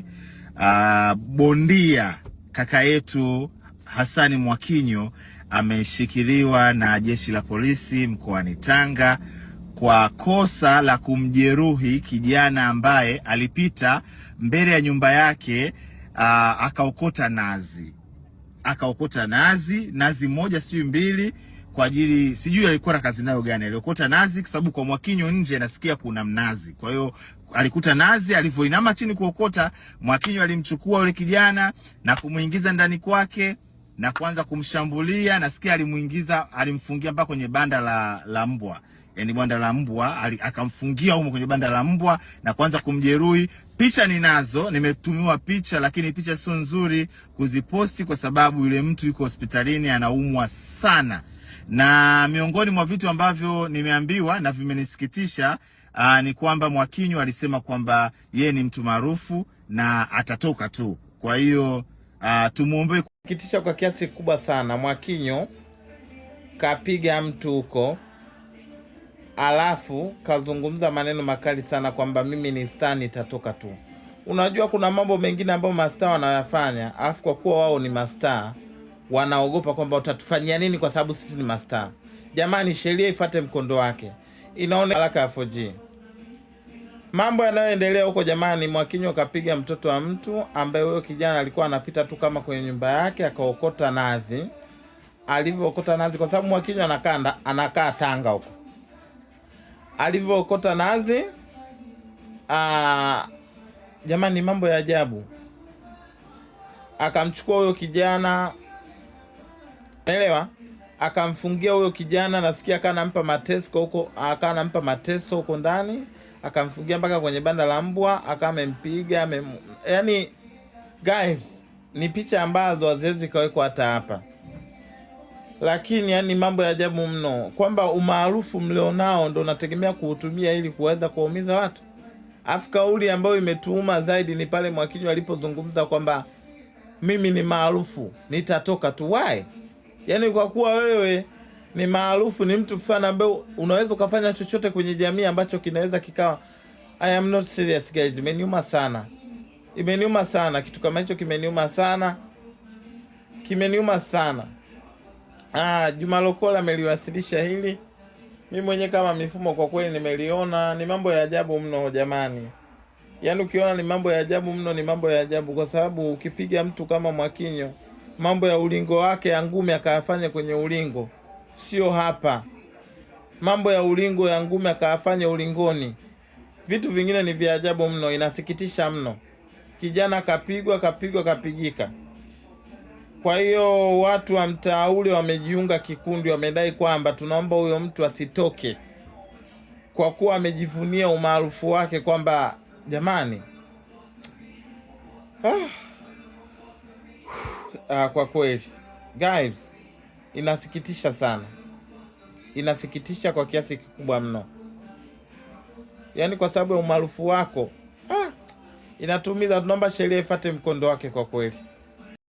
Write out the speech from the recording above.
vizuri. Uh, ah, bondia kaka yetu Hasani Mwakinyo ameshikiliwa na jeshi la polisi mkoani Tanga kwa kosa la kumjeruhi kijana ambaye alipita mbele ya nyumba yake uh, akaokota nazi akaokota nazi nazi moja sijui mbili kwa ajili sijui alikuwa na kazi nayo gani, aliokota nazi kwa sababu kwa Mwakinyo nje nasikia kuna mnazi, kwa hiyo alikuta nazi, alivyoinama chini kuokota, Mwakinyo alimchukua yule kijana na kumuingiza ndani kwake na kuanza kumshambulia. Nasikia alimuingiza alimfungia mpaka kwenye banda la, la mbwa yani banda la mbwa akamfungia humo kwenye banda la mbwa na kuanza kumjeruhi. Picha ninazo, nimetumiwa picha, lakini picha sio nzuri kuziposti kwa sababu yule mtu yuko hospitalini anaumwa sana, na miongoni mwa vitu ambavyo nimeambiwa na vimenisikitisha Aa, ah, ni kwamba Mwakinyo alisema kwamba yeye ni mtu maarufu na atatoka tu. Kwa hiyo uh, ah, tumwombee. Kitisha kwa kiasi kikubwa sana. Mwakinyo kapiga mtu huko, alafu kazungumza maneno makali sana kwamba mimi ni staa nitatoka tu. Unajua, kuna mambo mengine ambayo mastaa wanayafanya, alafu kwa kuwa wao ni mastaa wanaogopa kwamba utatufanyia nini kwa sababu sisi ni mastaa. Jamani, sheria ifate mkondo wake. inaone haraka ya 4G. Mambo yanayoendelea huko jamani, Mwakinyo kapiga mtoto wa mtu ambaye huyo kijana alikuwa anapita tu kama kwenye nyumba yake akaokota nazi. Alivyookota nazi, kwa sababu Mwakinyo anakanda anakaa Tanga huko, alivyookota nazi aa, ah, jamani, mambo ya ajabu. Akamchukua huyo kijana, elewa akamfungia huyo kijana, nasikia akanampa mateso huko, akanampa mateso huko ndani akamfungia mpaka kwenye banda la mbwa, akawa amempiga yani guys, ni picha ambazo haziwezi kawekwa hata hapa, lakini yani mambo ya ajabu mno, kwamba umaarufu mlionao ndo unategemea kuutumia ili kuweza kuwaumiza watu. Afu kauli ambayo imetuuma zaidi ni pale Mwakinyo alipozungumza kwamba mimi ni maarufu nitatoka tu. Wae, yani kwa kuwa wewe ni maarufu, ni mtu fulani ambaye unaweza ukafanya chochote kwenye jamii ambacho kinaweza kikawa. I am not serious guys, imeniuma sana, imeniuma sana, kitu kama hicho kimeniuma sana, kimeniuma sana. Ah, Juma ameliwasilisha hili. Mi mwenyewe kama mifumo kwa kweli nimeliona, ni mambo ya ajabu mno jamani. Yaani ukiona ni mambo ya ajabu mno, ni mambo ya ajabu kwa sababu ukipiga mtu kama Mwakinyo, mambo ya ulingo wake ya ngumi akayafanya kwenye ulingo sio hapa. Mambo ya ulingo ya Ngume akaafanya ulingoni. Vitu vingine ni vya ajabu mno, inasikitisha mno. Kijana kapigwa kapigwa kapigika. Kwa hiyo watu wa mtaa ule wamejiunga kikundi, wamedai kwamba tunaomba huyo mtu asitoke kwa kuwa amejivunia umaarufu wake, kwamba jamani, ah, ah, kwa kweli guys inasikitisha sana, inasikitisha kwa kiasi kikubwa mno, yaani kwa sababu ya umaarufu wako ah, inatumiza. Tunaomba sheria ifate mkondo wake kwa kweli.